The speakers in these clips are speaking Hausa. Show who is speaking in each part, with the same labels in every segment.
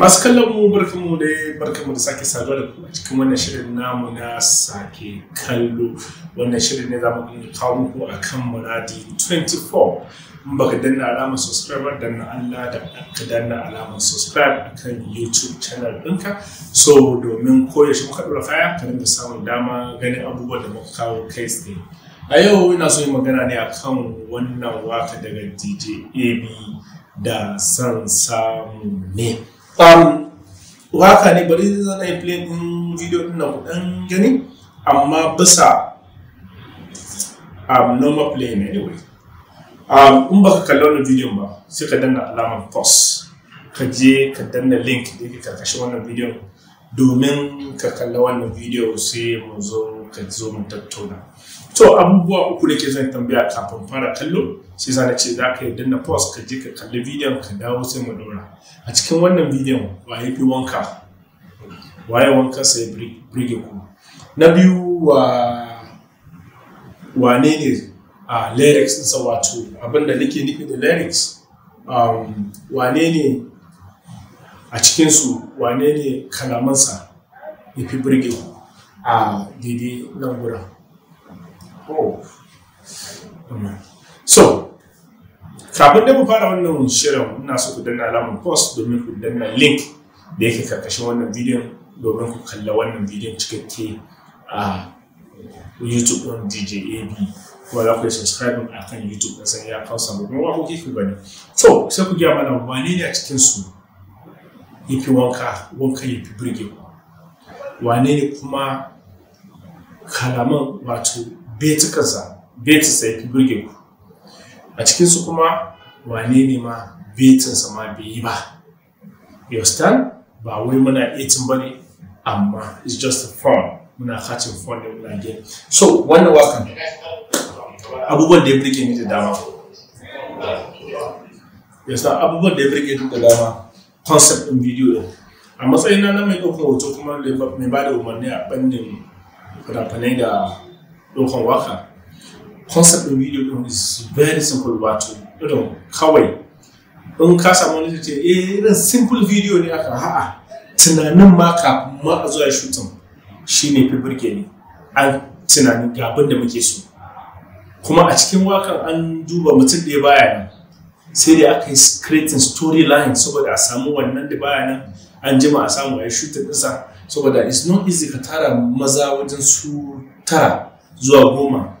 Speaker 1: masu kallon mu barkanmu da barkanmu da sake saduwa da kuma cikin wannan shirin namu na sake kallo wannan shirin ne zamu mu kawo muku akan muradi 24 in baka danna alamar subscribe na Allah da ka danna alamar subscribe akan YouTube channel ɗinka so domin koyaushe muka ɗora faya ka samun dama ganin abubuwan da muka kawo kai tsaye a yau ina so yi magana ne akan wannan waka daga dj ab da san samu ne um, waka ne bari zan yi play din video din na kudan gani amma bisa um, normal play ne anyway um, in baka kalli wannan video ba sai ka danna alamar pause ka je ka danna link da yake karkashin wannan video domin ka kalla wannan video sai mu zo ka zo mu tattauna to abubuwa uku da ke zan tambaya kafin fara kallo sai zan ce za ka yi danna post ka je ka kalli bidiyon ka dawo sai mu dora a cikin wannan bidiyon waye fi wanka waye wanka sai birge ku na biyu wa wane ne a lyrics sa wato abinda nake nufi da lyrics um, wane ne a cikinsu wane ne kalamansa ya fi birge ku a daidai nan oh. so kafin da mu fara wannan shirin ina so ku danna alamun post domin ku danna link da yake karkashin wannan bidiyon domin ku kalla wannan bidiyon cikakke a youtube on dj ab ko za ku yi subscribe a kan youtube ɗin sai ya kawo kuma waƙoƙi ku ne. So, sai ku gaya mana wane ne a cikin su yafi wanka wanka yafi burge ku wane ne kuma kalaman wato kansa beti ya fi burge ku a cikinsu kuma wane ne ma betinsa ma bai yi ba yostan ba wai muna etin ba ne amma it's just a form muna katin form ne muna gani so wannan wakan abubuwan da ya burge ni da dama yasa abubuwan da ya burge ni da dama concept din video a matsayin na mai ɗaukar hoto kuma mai ba da umarni a bandin fina da ɗaukan waka concept ɗin video ɗin is very simple wato irin kawai in ka samu wani ce eh irin simple video ne aka ha'a tunanin ma kafin ma a zuwa shooting shine fi burge ne, an tunanin ga abin da muke so kuma a cikin wakan an duba mutum ɗaya baya nan sai da aka yi creating storyline saboda a samu wannan da baya nan an jima a samu a yi shooting ɗinsa saboda it's not easy ka tara maza wajen su tara zuwa goma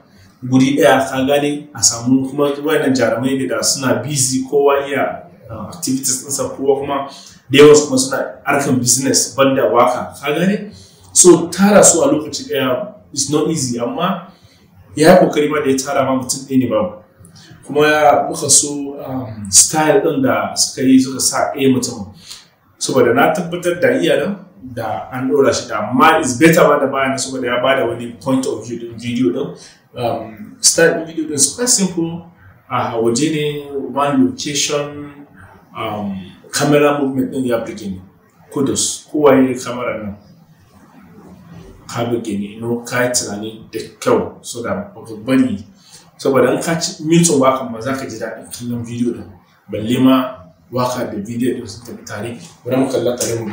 Speaker 1: guri ɗaya ka gane a samu kuma wayannan jarumai ne da suna busy kowa iya uh, activities ɗinsa kowa kuma da yawan kuma suna harkan business banda waka ka gane so tara su a lokaci ɗaya is not easy amma ya yi kokari ma da ya tara ma mutum ɗaya ne ba kuma ya muka so um, style ɗin da suka yi suka sa ɗaya mutum saboda na tabbatar da iyalan da an ɗora shi da amma is better ba da bayanin saboda ya bada wani point of view din video din um, start din video din super simple a waje ne one location um, camera movement din ya burge ni kudos kowa ya yi kamera nan ka burge ne, no ka tunani da kyau so da bari saboda in ka ci mutum wakan ma za ka ji daɗin kallon video din balle ma waka da video din sun tafi tare Wurin kallon tare mu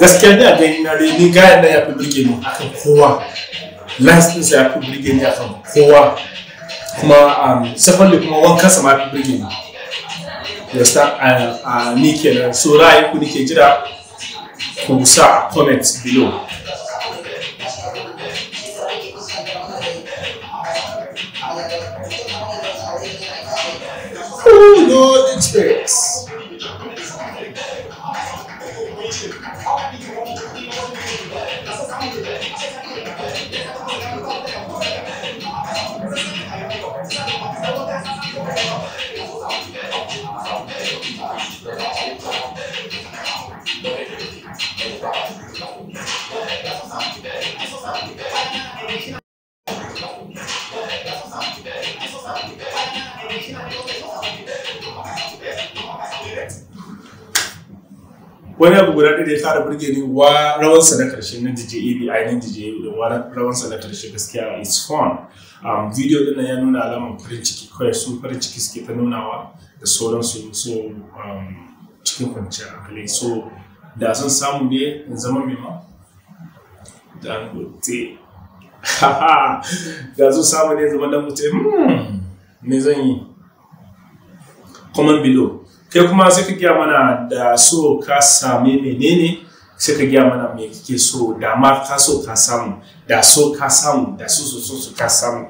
Speaker 1: gaskiya da gani na dai ni gayan nan ya fi birge ni kan kowa last din ya fi birge ni kan kowa kuma um, da kuma wankan sa ma fi birge ni sa a uh, uh, ni kenan so ra'ayi ku ke jira ku sa comment below Oh, Lord, it's great. wani abu guda ɗaya ya fara burge ni wa rawansa na karshe na DJ Ibi ainihin DJ Ibi da rawansa na karshe gaskiya is fun um, video ɗin ya nuna alamar farin ciki kawai su farin ciki suke ta nunawa da sauransu so um, cikin kwanciyar hankali so da sun samu ne in zama mai ma dangote da sun samu ne zama dangote hmm me zan yi comment below kai kuma sai ka gaya mana da so ka same menene sai ka gaya mana me kake so da ma ka so ka samu da so ka samu da so so so ka samu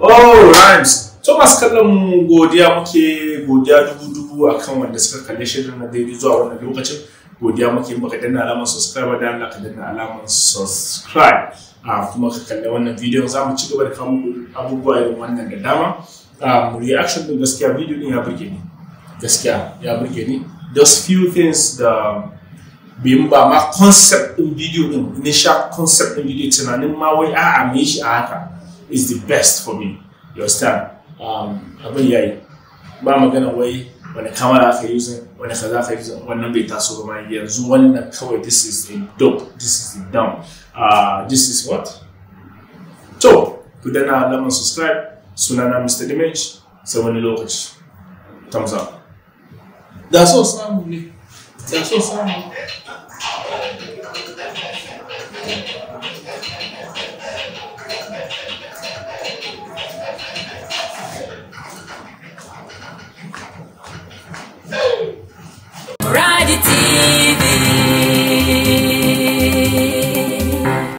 Speaker 1: oh rhymes to masu kallon mu godiya muke godiya dubu dubu akan wanda suka kalle shirin na daidai zuwa wannan lokacin godiya muke maka danna alamar subscribe da Allah ka danna alamar subscribe a ah, kuma ka kalli wannan bidiyon za mu ci gaba da kawo abubuwa irin wannan da dama a ah, reaction din gaskiya bidiyon ya burge ni gaskiya ya burge ni those few things da bin ba ma concept in video din initial concept in video tunanin ma wai a'a mai shi a haka is the best for me you understand um, abin yayi ba magana wai wani kamera aka yi wani za ka yi wannan bai taso ba yanzu wannan kawai this is the dope this is the dumb uh, this is what to ku dana laman subscribe sunana mr dimage sai wani lokaci thumbs up Dasọ sáàmù ni. Dasọ sáàmù.